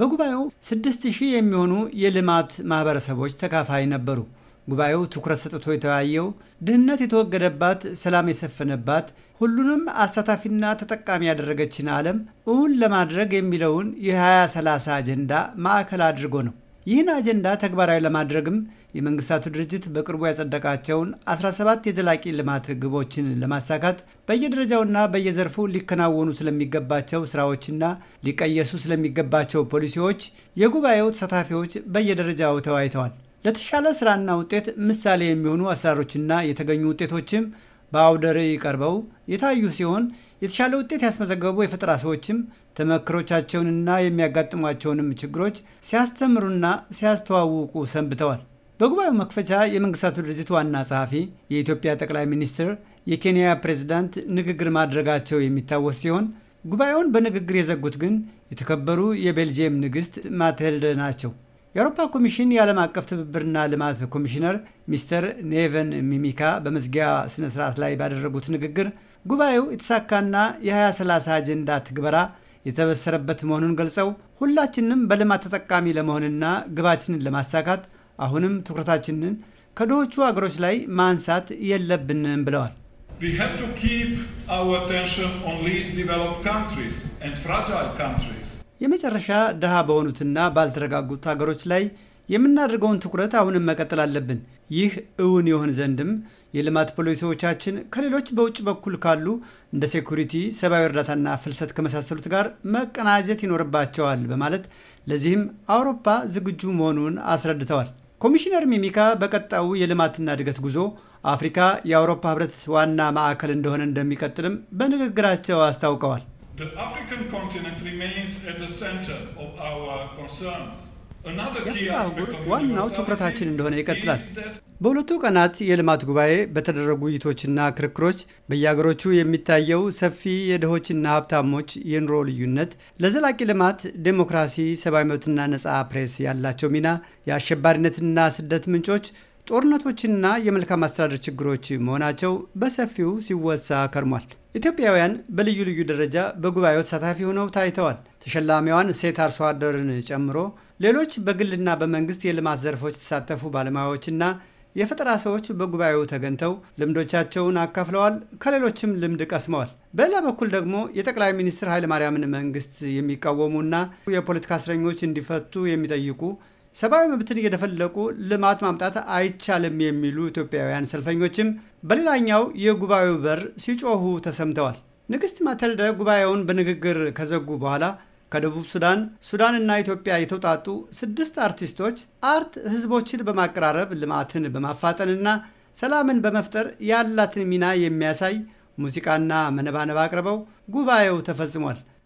በጉባኤው ስድስት ሺህ የሚሆኑ የልማት ማህበረሰቦች ተካፋይ ነበሩ። ጉባኤው ትኩረት ሰጥቶ የተወያየው ድህነት የተወገደባት፣ ሰላም የሰፈነባት፣ ሁሉንም አሳታፊና ተጠቃሚ ያደረገችን ዓለም እውን ለማድረግ የሚለውን የ2030 አጀንዳ ማዕከል አድርጎ ነው። ይህን አጀንዳ ተግባራዊ ለማድረግም የመንግስታቱ ድርጅት በቅርቡ ያጸደቃቸውን 17 የዘላቂ ልማት ግቦችን ለማሳካት በየደረጃውና በየዘርፉ ሊከናወኑ ስለሚገባቸው ስራዎችና ሊቀየሱ ስለሚገባቸው ፖሊሲዎች የጉባኤው ተሳታፊዎች በየደረጃው ተወያይተዋል። ለተሻለ ስራና ውጤት ምሳሌ የሚሆኑ አሰራሮችና የተገኙ ውጤቶችም በአውደ ርዕይ ቀርበው የታዩ ሲሆን የተሻለ ውጤት ያስመዘገቡ የፈጠራ ሰዎችም ተመክሮቻቸውንና የሚያጋጥሟቸውንም ችግሮች ሲያስተምሩና ሲያስተዋውቁ ሰንብተዋል። በጉባኤው መክፈቻ የመንግስታቱ ድርጅት ዋና ጸሐፊ፣ የኢትዮጵያ ጠቅላይ ሚኒስትር፣ የኬንያ ፕሬዝዳንት ንግግር ማድረጋቸው የሚታወስ ሲሆን ጉባኤውን በንግግር የዘጉት ግን የተከበሩ የቤልጅየም ንግሥት ማቴልደ ናቸው። የአውሮፓ ኮሚሽን የዓለም አቀፍ ትብብርና ልማት ኮሚሽነር ሚስተር ኔቨን ሚሚካ በመዝጊያ ስነ ስርዓት ላይ ባደረጉት ንግግር ጉባኤው የተሳካና የ2030 አጀንዳ ትግበራ የተበሰረበት መሆኑን ገልጸው ሁላችንም በልማት ተጠቃሚ ለመሆንና ግባችንን ለማሳካት አሁንም ትኩረታችንን ከድሆቹ አገሮች ላይ ማንሳት የለብንም ብለዋል። We have to keep our attention on least developed countries and fragile countries. የመጨረሻ ድሃ በሆኑትና ባልተረጋጉት ሀገሮች ላይ የምናደርገውን ትኩረት አሁንም መቀጠል አለብን። ይህ እውን የሆን ዘንድም የልማት ፖሊሲዎቻችን ከሌሎች በውጭ በኩል ካሉ እንደ ሴኩሪቲ፣ ሰብአዊ እርዳታና ፍልሰት ከመሳሰሉት ጋር መቀናጀት ይኖርባቸዋል በማለት ለዚህም አውሮፓ ዝግጁ መሆኑን አስረድተዋል። ኮሚሽነር ሚሚካ በቀጣዩ የልማትና እድገት ጉዞ አፍሪካ የአውሮፓ ህብረት ዋና ማዕከል እንደሆነ እንደሚቀጥልም በንግግራቸው አስታውቀዋል። The African continent remains at the center of our concerns. ዋናው ትኩረታችን እንደሆነ ይቀጥላል። በሁለቱ ቀናት የልማት ጉባኤ በተደረጉ ውይይቶችና ክርክሮች በየሀገሮቹ የሚታየው ሰፊ የድሆችና ሀብታሞች የኑሮ ልዩነት፣ ለዘላቂ ልማት ዴሞክራሲ፣ ሰብአዊ መብትና ነፃ ፕሬስ ያላቸው ሚና፣ የአሸባሪነትና ስደት ምንጮች ጦርነቶችና የመልካም አስተዳደር ችግሮች መሆናቸው በሰፊው ሲወሳ ከርሟል። ኢትዮጵያውያን በልዩ ልዩ ደረጃ በጉባኤው ተሳታፊ ሆነው ታይተዋል። ተሸላሚዋን ሴት አርሶ አደርን ጨምሮ ሌሎች በግልና በመንግስት የልማት ዘርፎች የተሳተፉ ባለሙያዎችና የፈጠራ ሰዎች በጉባኤው ተገኝተው ልምዶቻቸውን አካፍለዋል። ከሌሎችም ልምድ ቀስመዋል። በሌላ በኩል ደግሞ የጠቅላይ ሚኒስትር ኃይለማርያምን መንግስት የሚቃወሙና የፖለቲካ እስረኞች እንዲፈቱ የሚጠይቁ ሰብአዊ መብትን እየደፈለቁ ልማት ማምጣት አይቻልም የሚሉ ኢትዮጵያውያን ሰልፈኞችም በሌላኛው የጉባኤው በር ሲጮሁ ተሰምተዋል። ንግሥት ማተልደ ጉባኤውን በንግግር ከዘጉ በኋላ ከደቡብ ሱዳን፣ ሱዳንና ኢትዮጵያ የተውጣጡ ስድስት አርቲስቶች አርት ህዝቦችን በማቀራረብ ልማትን በማፋጠንና ሰላምን በመፍጠር ያላትን ሚና የሚያሳይ ሙዚቃና መነባነብ አቅርበው ጉባኤው ተፈጽሟል።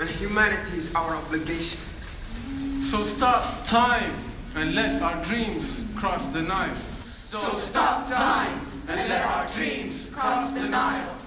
and humanity is our obligation. So stop time and let our dreams cross the Nile. So stop time and let our dreams cross the Nile.